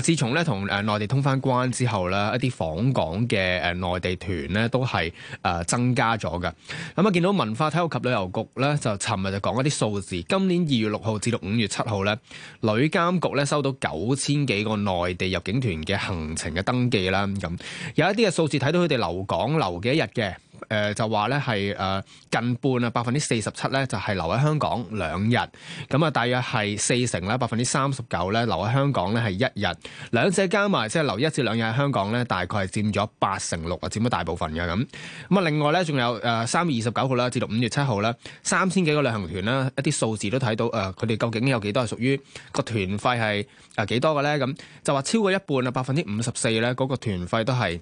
自從咧同誒內地通返關之後咧，一啲訪港嘅誒內地團咧都係增加咗㗎。咁啊，見到文化體育及旅遊局咧就尋日就講一啲數字，今年二月六號至到五月七號咧，旅監局咧收到九千幾個內地入境團嘅行程嘅登記啦。咁有一啲嘅數字睇到佢哋留港留幾日嘅。誒、呃、就話咧係近半啊，百分之四十七咧就係、是、留喺香港兩日，咁啊大約係四成啦，百分之三十九咧留喺香港咧係一日，兩者加埋即係留一至兩日喺香港咧，大概係佔咗八成六啊，佔咗大部分嘅咁。咁啊另外咧仲有三月二十九號啦至到五月七號啦，三千幾個旅行團啦，一啲數字都睇到佢哋、呃、究竟有幾多係屬於個團費係誒幾多嘅咧？咁就話超過一半啊，百分之五十四咧嗰個團費都係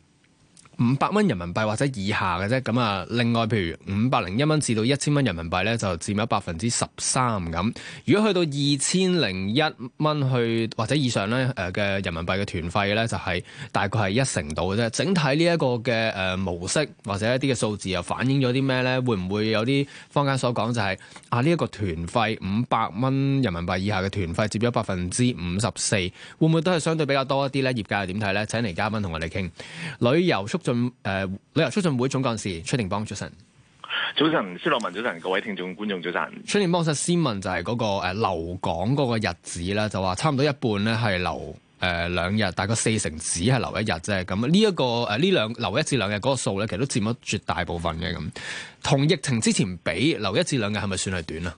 五百蚊人民幣或者以下嘅啫，咁啊，另外譬如五百零一蚊至到一千蚊人民幣咧，就佔咗百分之十三咁。如果去到二千零一蚊去或者以上咧，誒嘅人民幣嘅團費咧，就係大概係一成度嘅啫。整體呢一個嘅誒模式或者一啲嘅數字又反映咗啲咩咧？會唔會有啲坊間所講就係啊呢一個團費五百蚊人民幣以下嘅團費佔咗百分之五十四，會唔會都係相對比較多一啲咧？業界係點睇咧？請嚟嘉賓同我哋傾旅遊速。進旅遊促進會總幹事崔定邦，早晨。早晨施樂文早晨，各位聽眾觀眾早晨。崔定邦先問就係嗰、那個誒、呃、留港嗰個日子啦，就話差唔多一半咧係留誒兩、呃、日，大概四成只係留一日啫。咁呢一個誒呢、呃、兩留一至兩日嗰個數咧，其實都佔咗絕大部分嘅咁。同疫情之前比，留一至兩日係咪算係短啊？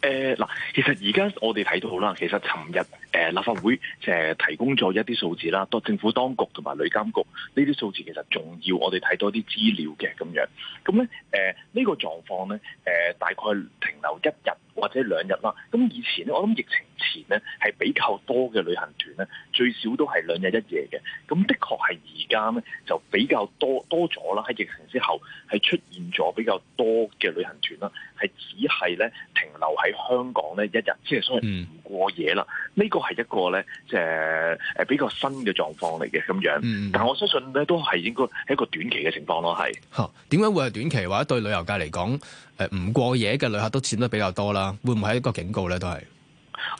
誒、呃、嗱，其實而家我哋睇到好啦，其實尋日。誒立法會誒提供咗一啲數字啦，多政府當局同埋旅監局呢啲數字其實仲要我哋睇多啲資料嘅咁樣。咁咧誒呢個狀況咧誒大概停留一日或者兩日啦。咁以前咧，我諗疫情前咧係比較多嘅旅行團咧，最少都係兩日一夜嘅。咁的確係而家咧就比較多多咗啦。喺疫情之後係出現咗比較多嘅旅行團啦，係只係咧停留喺香港呢一日，即係所謂唔過夜啦。呢、嗯這個係。係一個咧，即係誒比較新嘅狀況嚟嘅咁樣，但係我相信咧都係應該係一個短期嘅情況咯，係、嗯。吓，點解會係短期？或者對旅遊界嚟講，誒唔過夜嘅旅客都佔得比較多啦，會唔會係一個警告咧？都係。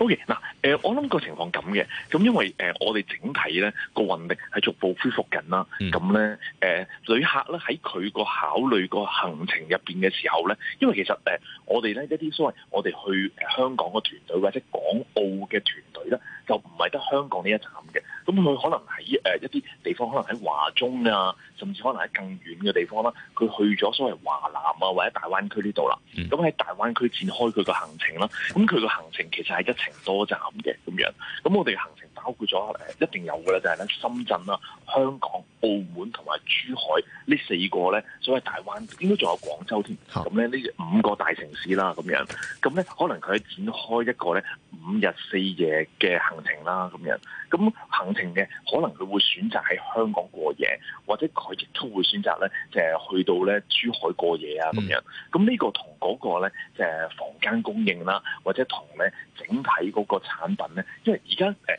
O.K. 嗱，誒，我諗個情況咁嘅，咁因為誒，我哋整體咧個運力係逐步恢復緊啦，咁咧誒，旅客咧喺佢個考慮個行程入面嘅時候咧，因為其實誒，我哋咧一啲所謂我哋去香港嘅團隊或者港澳嘅團隊咧，就唔係得香港呢一站嘅。咁佢可能喺誒一啲地方，可能喺華中啊，甚至可能喺更遠嘅地方啦。佢去咗所謂華南啊，或者大灣區呢度啦。咁喺大灣區展開佢個行程啦。咁佢個行程其實係一程多站嘅咁樣。咁我哋行程。包括咗誒一定有嘅啦，就係咧深圳啦、香港、澳門同埋珠海呢四個咧，所謂大灣，應該仲有廣州添。咁咧呢五個大城市啦，咁樣咁咧，可能佢展開一個咧五日四夜嘅行程啦，咁樣咁行程嘅可能佢會選擇喺香港過夜，或者佢亦都會選擇咧，就係去到咧珠海過夜啊，咁樣。咁呢個同嗰個咧，誒房間供應啦，或者同咧整體嗰個產品咧，因為而家誒。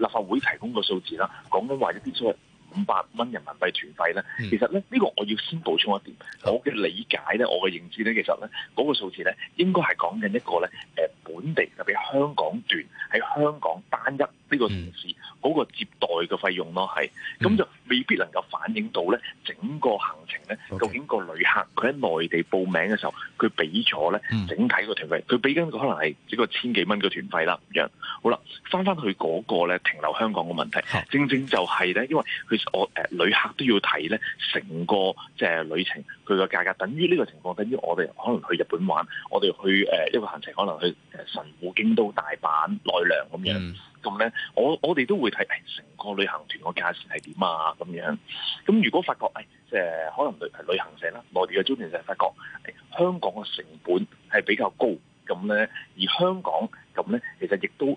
立法會提供個數字啦，講緊話一啲出去。去五百蚊人民幣團費咧，其實咧呢、這個我要先補充一點，我嘅理解咧，我嘅認知咧，其實咧嗰、那個數字咧應該係講緊一個咧、呃、本地特別香港段喺香港單一呢個城市嗰、嗯那個接待嘅費用咯，係、嗯、咁就未必能夠反映到咧整個行程咧、okay. 究竟個旅客佢喺內地報名嘅時候佢俾咗咧整體個團費，佢俾緊可能係幾個千幾蚊嘅團費啦，咁樣好啦，翻翻去嗰個咧停留香港嘅問題，正正就係咧，因為佢。我誒、呃、旅客都要睇咧，成個即係旅程佢個價格，等於呢個情況，等於我哋可能去日本玩，我哋去誒一、呃這個行程，可能去神戶、京都、大阪、奈良咁樣，咁、mm. 咧，我我哋都會睇誒成個旅行團個價錢係點啊咁樣。咁如果發覺誒，即係、呃、可能旅旅行社啦，內地嘅組團社就係發覺，誒香港嘅成本係比較高，咁咧而香港。咁咧，其實亦都誒誒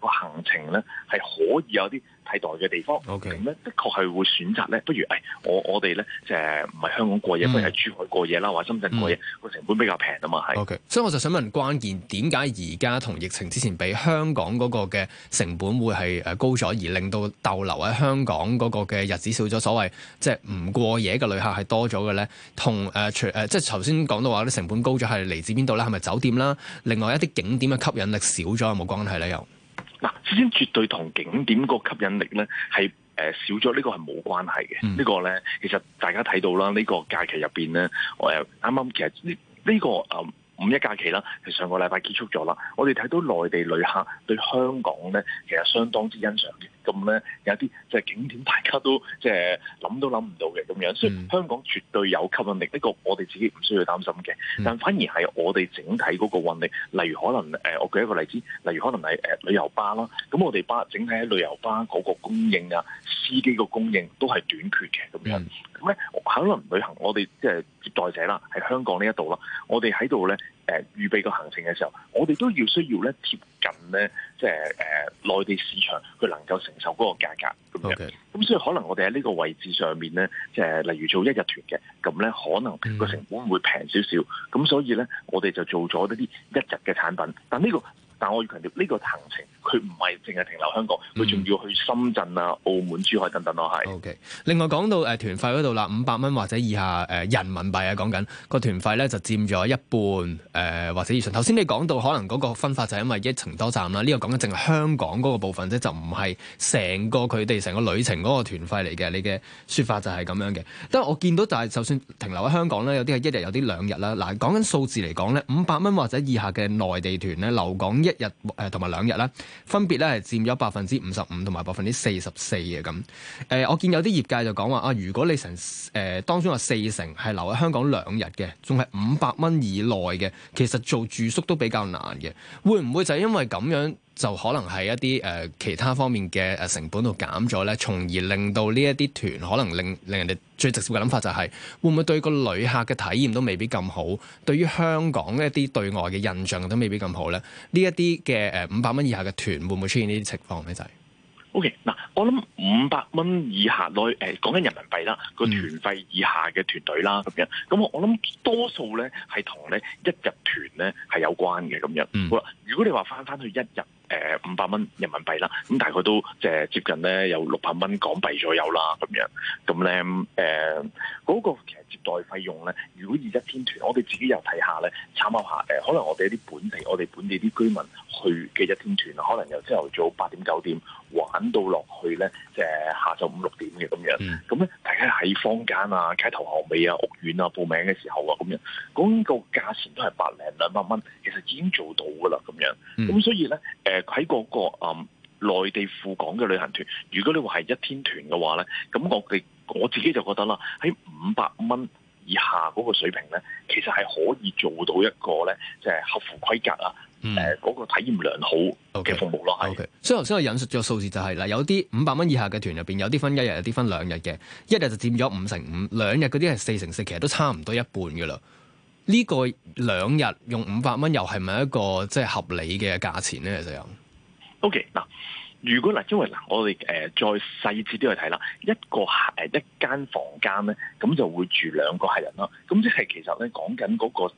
個行程咧，係可以有啲替代嘅地方。OK。咁咧，的確係會選擇咧，不如誒、哎、我我哋咧誒唔係香港過夜，不如喺珠海過夜啦、嗯，或深圳過夜，個、嗯、成本比較平啊嘛，OK，所以我就想問關鍵點解而家同疫情之前比，香港嗰個嘅成本會係誒高咗，而令到逗留喺香港嗰個嘅日子少咗，所謂即係唔過夜嘅旅客係多咗嘅咧。同、呃、除誒即係頭先講到話啲成本高咗係嚟自邊度咧？係咪酒店啦？另外一啲景點嘅吸引力。少咗有冇關係咧，又嗱，首先絕對同景點個吸引力咧，係、呃、誒少咗呢個係冇關係嘅。嗯、呢個呢個咧，其實大家睇到啦，呢、呢個假期入邊咧，我又啱啱其實呢、呢、呢個誒、呃、五一假期啦，係上個禮拜結束咗啦。我哋睇到內地旅客對香港咧，其實相當之欣賞嘅。咁咧有啲即係景點，大家都即係諗都諗唔到嘅咁樣，所以香港絕對有吸引力，呢個我哋自己唔需要擔心嘅。但反而係我哋整體嗰個運力，例如可能、呃、我舉一個例子，例如可能係、呃、旅遊巴啦，咁我哋巴整體喺旅遊巴嗰個供應啊，司機個供應都係短缺嘅咁樣。咁、嗯、咧可能旅行，我哋即係接待者啦，喺香港呢一度啦，我哋喺度咧。誒、呃、預備個行程嘅時候，我哋都要需要咧貼近咧，即係誒內地市場佢能夠承受嗰個價格咁樣、Okay. 嗯、所以可能我哋喺呢個位置上面咧，即係例如做一日團嘅，咁咧可能個成本會平少少。咁所以咧，我哋就做咗一啲一日嘅產品。但呢個，但我要強調呢個行程。佢唔係淨係停留香港，佢仲要去深圳啊、澳門、珠海等等咯。係。O K. 另外講到誒團費嗰度啦，五百蚊或者以下誒人民幣啊，講緊個團費咧就佔咗一半誒、呃、或者以上。頭先你講到可能嗰個分法就係因為一程多站啦，呢、這個講緊淨係香港嗰個部分啫，就唔係成個佢哋成個旅程嗰個團費嚟嘅。你嘅說法就係咁樣嘅。但係我見到就係、是、就算停留喺香港咧，有啲係一日，有啲兩日啦。嗱，講緊數字嚟講咧，五百蚊或者以下嘅內地團咧，留港一日同埋、呃、兩日咧。分別咧係佔咗百分之五十五同埋百分之四十四嘅咁。誒，我見有啲業界就講話啊，如果你成誒、呃、當中有四成係留喺香港兩日嘅，仲係五百蚊以內嘅，其實做住宿都比較難嘅。會唔會就係因為咁樣？就可能係一啲誒其他方面嘅誒成本度減咗咧，從而令到呢一啲團可能令令人哋最直接嘅諗法就係會唔會對個旅客嘅體驗都未必咁好，對於香港一啲對外嘅印象都未必咁好咧。呢一啲嘅誒五百蚊以下嘅團會唔會出現呢啲情況咧？就係 O K 嗱，我諗五百蚊以下內誒講緊人民幣啦，個團費以下嘅團隊啦咁樣。咁、嗯、我諗多數咧係同咧一日團咧係有關嘅咁樣。好、嗯、啦，如果你話翻翻去一日。誒五百蚊人民幣啦，咁大概都即係接近咧有六百蚊港幣左右啦，咁樣咁咧誒嗰個其實接待費用咧，如果二一天團，我哋自己又睇下咧，參考下誒，可能我哋啲本地，我哋本地啲居民去嘅一天團可能由朝頭早八點九點玩到落去咧，即係下晝五六點嘅咁樣，咁、嗯、咧大家喺坊間啊、街頭巷尾啊、屋苑啊報名嘅時候啊，咁樣嗰、嗰個價錢都係百零兩百蚊，其實已經做到噶啦咁樣，咁、嗯、所以咧誒。呃誒，喺嗰個誒內地赴港嘅旅行團，如果你話係一天團嘅話咧，咁我哋我自己就覺得啦，喺五百蚊以下嗰個水平咧，其實係可以做到一個咧，即、就、係、是、合乎規格啊，誒、嗯，嗰、呃嗰個體驗良好嘅服務咯，係、okay, okay.。所以頭先我引述咗數字就係，嗱，有啲五百蚊以下嘅團入邊，有啲分一日，有啲分兩日嘅，一日就佔咗五成五，兩日嗰啲係四成四，其實都差唔多一半噶啦。呢個兩日用五百蚊，又係咪一個即係合理嘅價錢呢？其實有。O K 嗱。如果嗱，因為嗱，我哋誒再細緻啲去睇啦，一個客誒一間房間咧，咁就會住兩個客人啦。咁即係其實咧講緊嗰個誒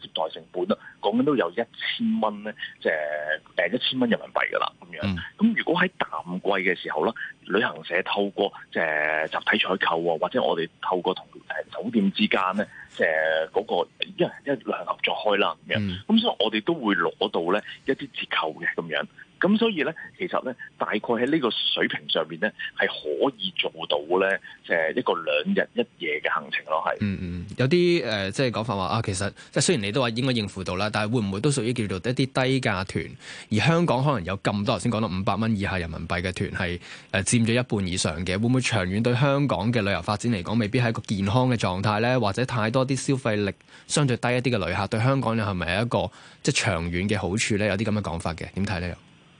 接待成本啦，講緊都有一千蚊咧，即係誒一千蚊人民幣噶啦咁樣。咁、嗯、如果喺淡季嘅時候啦，旅行社透過即係集體採購啊或者我哋透過同誒酒店之間咧，即係嗰個一一兩合作開啦咁樣。咁、嗯、所以我哋都會攞到咧一啲折扣嘅咁樣。咁所以咧，其實咧，大概喺呢個水平上面咧，係可以做到咧，誒一個兩日一夜嘅行程咯，係。嗯嗯。有啲、呃、即係講法話啊，其實即係雖然你都話應該應付到啦，但係會唔會都屬於叫做一啲低價團？而香港可能有咁多，頭先講到五百蚊以下人民幣嘅團係誒、呃、佔咗一半以上嘅，會唔會長遠對香港嘅旅遊發展嚟講，未必係一個健康嘅狀態咧？或者太多啲消費力相對低一啲嘅旅客對香港又係咪一個即係長遠嘅好處咧？有啲咁嘅講法嘅，點睇咧？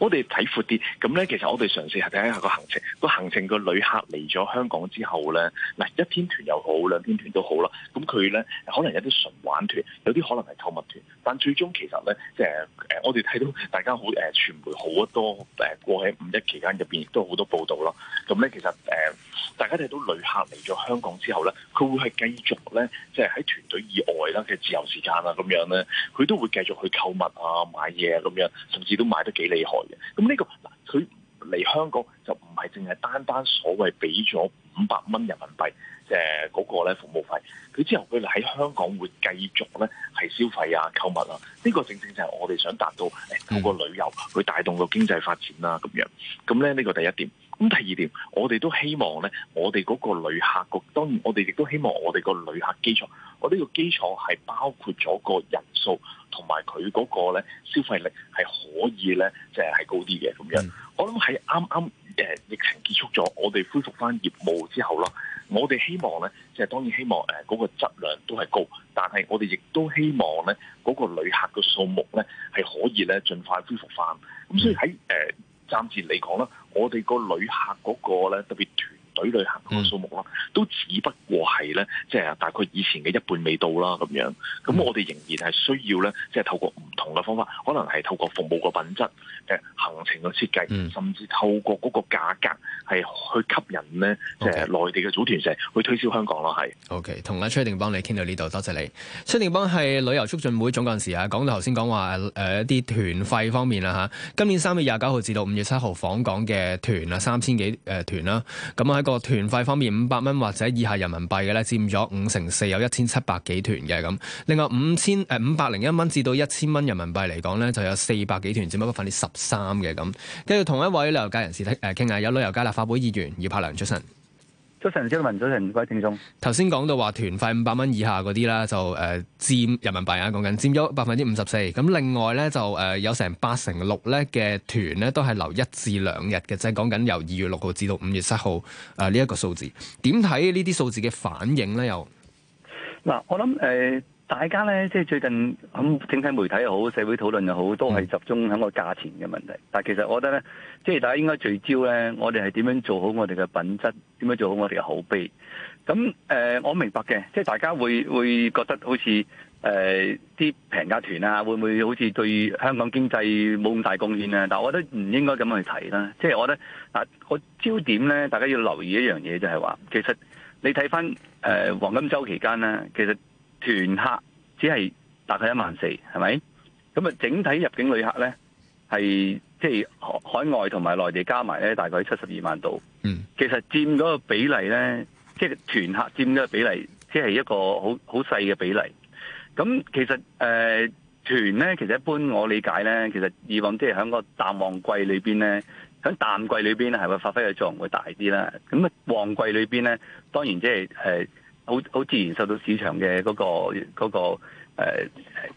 我哋睇闊啲，咁咧其實我哋嘗試下睇下個行程，個行程個旅客嚟咗香港之後咧，嗱一天團又好，兩天團都好啦，咁佢咧可能有啲純玩團，有啲可能係購物團，但最終其實咧，即係我哋睇到大家好誒，傳媒好多誒過喺五一期間入邊亦都好多報導啦，咁咧其實誒大家睇到旅客嚟咗香港之後咧，佢會係繼續咧，即係喺團隊以外啦嘅自由時間啦咁樣咧，佢都會繼續去購物啊買嘢咁樣，甚至都買得幾厲害。咁呢、這個嗱，佢嚟香港就唔係淨係單單所謂俾咗五百蚊人民幣嘅嗰、就是、個咧服務費，佢之後佢嚟喺香港會繼續咧係消費啊、購物啊，呢、這個正正就係我哋想達到誒，通過旅遊去帶動個經濟發展啦、啊、咁樣，咁咧呢、這個第一點。咁第二點，我哋都希望咧，我哋嗰個旅客個當然，我哋亦都希望我哋個旅客基礎，我哋個基礎係包括咗個人數同埋佢嗰個咧消費力係可以咧，即係係高啲嘅咁樣。我諗喺啱啱誒疫情結束咗，我哋恢復翻業務之後啦，我哋希望咧，即係當然希望誒嗰個質量都係高，但係我哋亦都希望咧嗰個旅客嘅數目咧係可以咧盡快恢復翻。咁所以喺誒。暫時嚟講啦，我哋個旅客嗰個咧，特別團隊旅行個數目都只不過係咧，即係大概以前嘅一半未到啦，咁樣。咁我哋仍然係需要咧，即係透過唔同嘅方法，可能係透過服務個品質、行程嘅設計、嗯，甚至透過嗰個價格係去吸引咧，即係內地嘅組團社去推銷香港咯。係、okay。O K，同阿崔定邦你傾到呢度，多謝你。崔定邦係旅遊促進會總幹事啊，講到頭先講話誒一啲團費方面啦嚇，今年三月廿九號至到五月七號訪港嘅團啊三千幾團啦，咁喺個團費方面五百蚊或者以下人民幣嘅咧，佔咗五成四，有一千七百幾團嘅咁。另外五千誒五百零一蚊至到一千蚊，人民幣嚟講咧，就有四百幾團佔咗百分之十三嘅咁。跟住同一位旅遊界人士咧，誒傾下有旅遊界立法會議員姚柏良出身。早晨，張文，早晨，各位聽眾。頭先講到話團費五百蚊以下嗰啲啦，就誒、呃、佔人民幣啊，講緊佔咗百分之五十四。咁另外咧就誒、呃、有成八成六咧嘅團咧都係留一至兩日嘅，即係講緊由二月六號至到五月七號啊呢一個數字。點睇呢啲數字嘅反應咧？又嗱，我諗誒。呃大家呢，即係最近咁整體媒體又好，社會討論又好，都係集中喺個價錢嘅問題。但其實我覺得呢，即係大家應該聚焦呢，我哋係點樣做好我哋嘅品質，點樣做好我哋嘅口碑。咁誒、呃，我明白嘅，即係大家會會覺得好似誒啲平價團啊，會唔會好似對香港經濟冇咁大貢獻啊？但我覺得唔應該咁樣去睇啦。即係我覺得嗱，個、呃、焦點呢，大家要留意一樣嘢就係話其實你睇翻誒黃金周期間啦，其實。團客只係大概一萬四，係咪？咁啊，整體入境旅客咧，係即係海外同埋內地加埋咧，大概七十二萬度。嗯，其實佔嗰個比例咧，即係團客佔嗰個比例，即係一個好好細嘅比例。咁其實誒團咧，其實一般我理解咧，其實以往即係喺個淡旺季裏面咧，喺淡季裏面係會發揮嘅作用會大啲啦。咁啊，旺季裏面咧，當然即係誒。好好自然受到市場嘅嗰、那個嗰、那個誒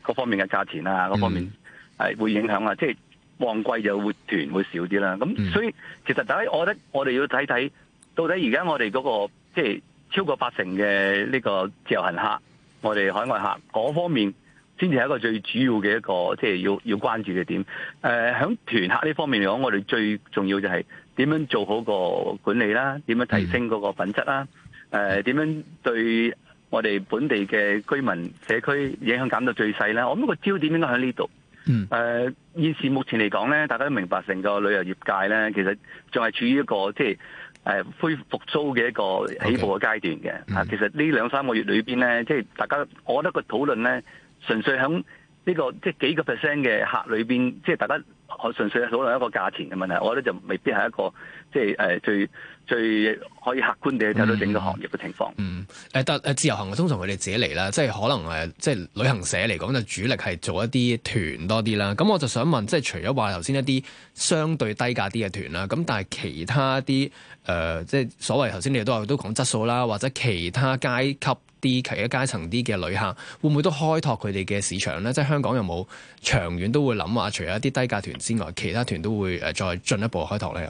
各、呃、方面嘅價錢啊，嗰方面係會影響啊，即、嗯、係、就是、旺季就會團會少啲啦。咁所以其實大家我覺得我哋要睇睇到底而家我哋嗰、那個即係、就是、超過八成嘅呢個自由行客，我哋海外客嗰方面，先至係一個最主要嘅一個即係、就是、要要關注嘅點。誒、呃、喺團客呢方面嚟講，我哋最重要就係點樣做好個管理啦，點樣提升嗰個品質啦。嗯誒、呃、點樣對我哋本地嘅居民社區影響減到最細咧？我諗個焦點應該喺呢度。誒、呃、現時目前嚟講咧，大家都明白成個旅遊業界咧，其實仲係處於一個即係誒恢復甦嘅一個起步嘅階段嘅。Okay. 啊，其實呢兩三個月裏邊咧，即係大家，我覺得個討論咧，純粹喺呢、這個即係幾個 percent 嘅客裏邊，即係大家。我純粹討論一個價錢嘅問題，我覺得就未必係一個即係誒、呃、最最可以客觀地睇到整個行業嘅情況。嗯，誒、嗯、但誒自由行通常佢哋自己嚟啦，即係可能誒即係旅行社嚟講就主力係做一啲團多啲啦。咁我就想問，即係除咗話頭先一啲相對低價啲嘅團啦，咁但係其他啲誒、呃、即係所謂頭先你哋都都講質素啦，或者其他階級。啲其他階層啲嘅旅客會唔會都開拓佢哋嘅市場呢？即係香港有冇長遠都會諗話，除咗一啲低價團之外，其他團都會誒再進一步開拓呢？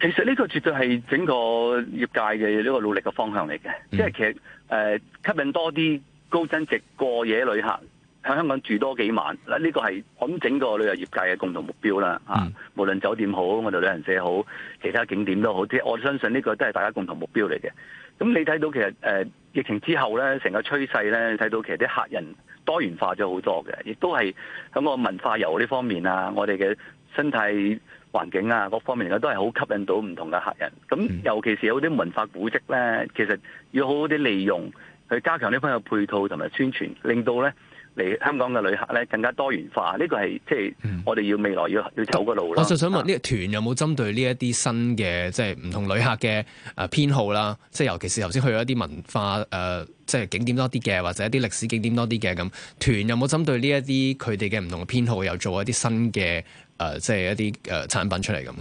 其實呢個絕對係整個業界嘅呢、這個努力嘅方向嚟嘅，嗯、即係其實誒、呃、吸引多啲高增值過夜旅客喺香港住多幾晚嗱，呢、這個係咁整個旅遊業界嘅共同目標啦。嗯、啊，無論酒店好，我哋旅行社好，其他景點都好，即係我相信呢個都係大家共同目標嚟嘅。咁你睇到其實誒，呃疫情之後咧，成個趨勢咧，睇到其實啲客人多元化咗好多嘅，亦都係響個文化遊呢方面啊，我哋嘅生態環境啊，各方面嚟講都係好吸引到唔同嘅客人。咁尤其是有啲文化古蹟咧，其實要好好啲利用，去加強呢方嘅配套同埋宣傳，令到咧。嚟香港嘅旅客咧更加多元化，呢、這個係即係我哋要未來要、嗯、要走嘅路啦。我就想問呢、啊這個團有冇針對呢一啲新嘅即係唔同旅客嘅誒偏好啦？即、呃、係尤其是頭先去咗一啲文化誒、呃、即係景點多啲嘅，或者一啲歷史景點多啲嘅咁，團有冇針對呢一啲佢哋嘅唔同嘅偏好，又做一啲新嘅誒、呃、即係一啲誒、呃、產品出嚟咁？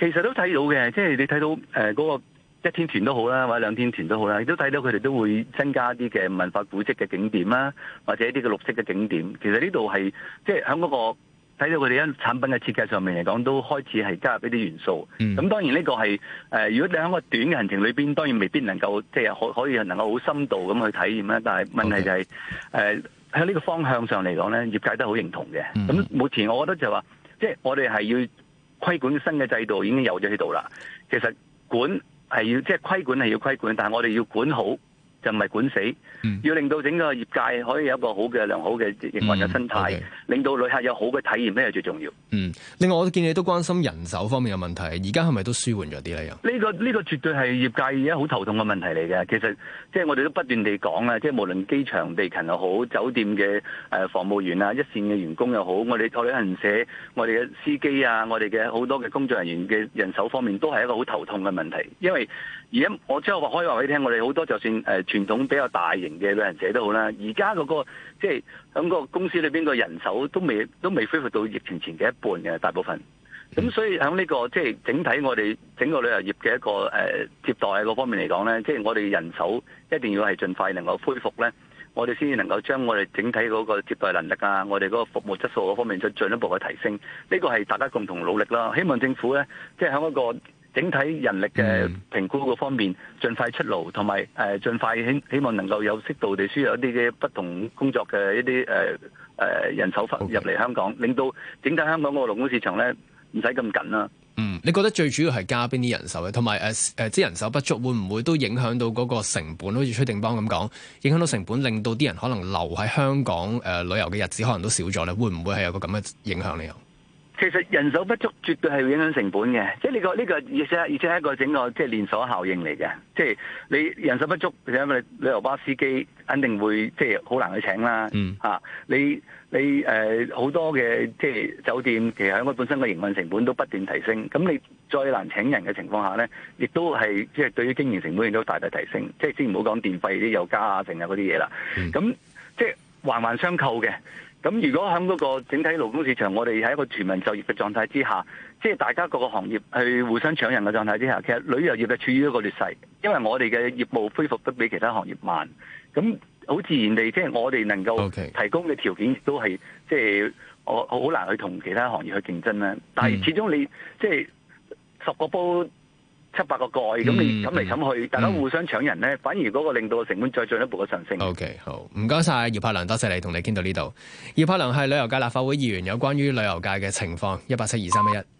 其實都睇到嘅，即係你睇到誒嗰、呃那個。一天團都好啦，或者兩天團好都好啦，亦都睇到佢哋都會增加啲嘅文化古蹟嘅景點啦，或者一啲嘅綠色嘅景點。其實呢度係即係喺嗰個睇到佢哋產品嘅設計上面嚟講，都開始係加入一啲元素。咁、嗯、當然呢個係誒、呃，如果你喺個短嘅行程裏邊當然未必能夠即係可可以，可以能夠好深度咁去體驗啦。但係問題就係誒喺呢個方向上嚟講咧，業界都好認同嘅。咁、嗯、目前我覺得就話，即、就、係、是、我哋係要規管新嘅制度已經有咗喺度啦。其實管係要即係規管係要規管，但係我哋要管好。就唔係管死，要令到整個業界可以有一個好嘅良好嘅營運嘅生態，令到旅客有好嘅體驗咧，係最重要。嗯，另外我都見你都關心人手方面嘅問題，而家係咪都舒緩咗啲咧？呢個呢個絕對係業界而家好頭痛嘅問題嚟嘅。其實即係我哋都不斷地講啊，即係無論機場地勤又好，酒店嘅誒服務員啊，一線嘅員工又好，我哋托旅行社、我哋嘅司機啊，我哋嘅好多嘅工作人員嘅人手方面都係一個好頭痛嘅問題，因為。而家我即係話可以話俾你聽，我哋好多就算誒傳統比較大型嘅旅行社都好啦，而家嗰個即係響個公司裏邊個人手都未都未恢復到疫情前嘅一半嘅大部分。咁所以響呢、這個即係、就是、整體我哋整個旅遊業嘅一個誒、呃、接待啊嗰方面嚟講咧，即、就、係、是、我哋人手一定要係盡快能夠恢復咧，我哋先至能夠將我哋整體嗰個接待能力啊，我哋嗰個服務質素嗰方面再進一步嘅提升。呢、這個係大家共同努力啦。希望政府咧，即係響一個，整體人力嘅評估個方面，盡快出爐，同埋誒盡快希希望能夠有適度地輸入一啲嘅不同工作嘅一啲誒誒人手翻入嚟香港，令到整體香港個勞工市場咧唔使咁緊啦。嗯，你覺得最主要係加邊啲人手咧？同埋誒誒，啲人手不足會唔會都影響到嗰個成本？好似崔定邦咁講，影響到成本，令到啲人可能留喺香港誒旅遊嘅日子可能都少咗咧，會唔會係有個咁嘅影響咧？其實人手不足絕對係會影響成本嘅，即係呢個呢、呢個而且而且係一個整個即係連鎖效應嚟嘅。即係你人手不足，而且你旅遊巴司機肯定會即係好難去請啦。吓、嗯啊，你你誒好、呃、多嘅即係酒店，其實香港本身嘅營運成本都不斷提升。咁你再難請人嘅情況下呢，亦都係即係對於經營成本亦都大，大大提升。即係先唔好講電費啲又加啊，成啊嗰啲嘢啦。咁即係環環相扣嘅。咁如果喺嗰個整體勞工市場，我哋喺一個全民就業嘅狀態之下，即係大家各個行業去互相搶人嘅狀態之下，其實旅遊業就處於一個劣勢，因為我哋嘅業務恢復得比其他行業慢，咁好自然地即係我哋能夠提供嘅條件亦都係即係我好難去同其他行業去競爭咧。但係始終你、mm. 即係十個煲。七八個蓋咁、嗯、你咁嚟咁去、嗯，大家互相搶人呢、嗯，反而嗰個令到個成本再進一步嘅上升。OK，好唔該晒姚柏良，多謝你同你傾到呢度。姚柏良係旅遊界立法會議員，有關於旅遊界嘅情況，一八七二三一一。